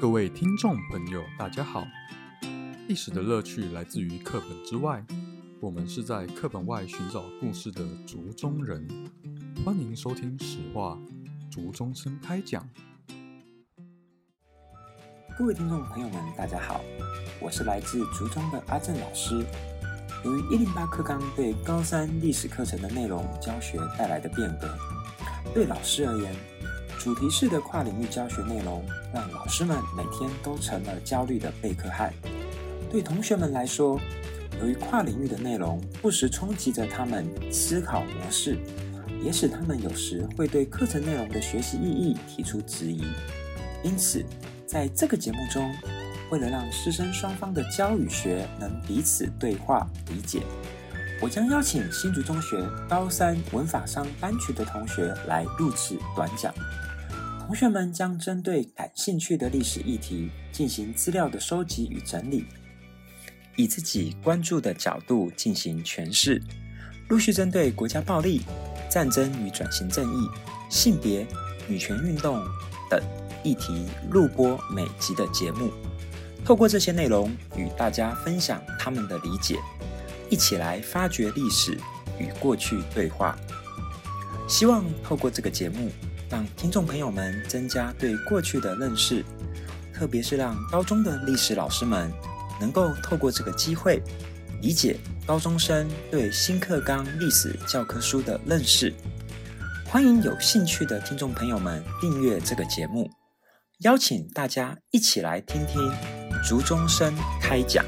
各位聽眾朋友，大家好。歷史的樂趣來自於課本之外，我們是在課本外尋找故事的竹中人。歡迎收聽史話《史話竹中生開講》。各位聽眾朋友們，大家好，我是來自竹中的阿正老師。由於一零八課綱對高三歷史課程的內容教學帶來的變革，對老師而言，主題式的跨領域教學內容，讓老師們每天都成了焦慮的備課漢。對同學們來說，由於跨領域的內容不時衝擊着他們思考模式，也使他們有時會對課程內容的學習意義提出質疑。因此，在這個節目中，為了讓師生雙方的教與學能彼此對話理解，我將邀請新竹中學高三文法商班群的同學來錄制短講。同學們將針對感興趣的歷史議題進行資料的收集與整理，以自己關注的角度進行詮釋。陸續針對國家暴力、戰爭與轉型正義、性別、女權運動等議題錄播每集的節目，透過這些內容與大家分享他們的理解，一起來發掘歷史與過去對話。希望透過這個節目，讓聽眾朋友們增加對過去的認識，特別是讓高中的歷史老師們能夠透過這個機會，理解高中生對新課綱歷史教科書的認識。歡迎有興趣的聽眾朋友們訂閱這個節目，邀請大家一起來聽聽竹中生開講。